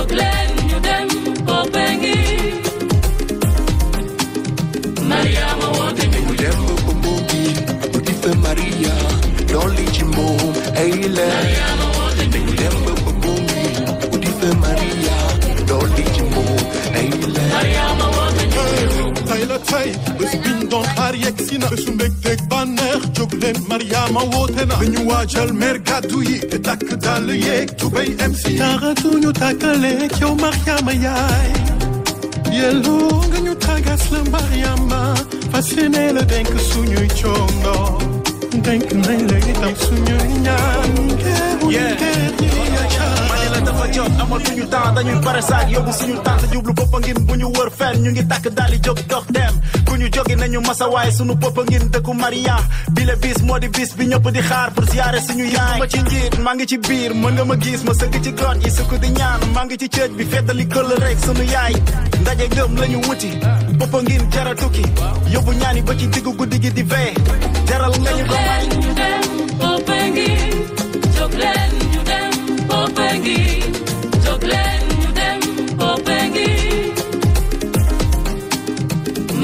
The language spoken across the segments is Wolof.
jóg leen ñu dem boppe ngi Mariama woote mi mu dem ko moogi uti fe Maria dolli ci moom ay leer Mariama woote mi mu dem ko moogi uti fe Maria dolli ci moom ay leer Mariama woote mi mu dem ay la tey bés biñ doon xaar yegg si na bésu mbégteeg leen Mariama woote na dañu waajal mer gàddu yi te takk dàll yeeg tubéy MC yi taxatuñu tàkkaleeg yow Mariama yaay yelloo nga ñu tàggas Mariama fasine la denk suñuy coono denk nañ la itam suñuy ñaan ngeeru ngeer yi temps dañuy pare saak yóbbu suñu tànk jublu boppa bu ñu wër fenn ñu ngi tàkk daal di jóg dox dem ku ñu jógi nañu masa waaye suñu boppa ngin dëkku Maria bile bis moo di bis bi ñëpp di xaar pour ziare suñu yaay ma ci njiit maa ngi ci biir mën nga ma gis ma sëgg ci grotte yi sukk di ñaan maa ngi ci cëj bi fettali këll rek suñu yaay ndaje ngëm lañu wuti boppa ngin jara tukki yóbbu ñaani ba ci diggu guddi gi di veye jaral nga ñu ko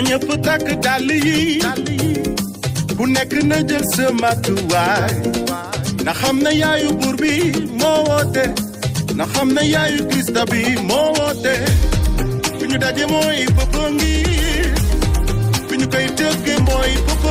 na ñëpp takk dàll yi ku nekk na jël sa matuwaay na xam na yaayu bi moo woote na xam na yaayu Krista bi moo woote bu ñu daje mooy boppam ngi bu ñu koy tëgge mooy boppam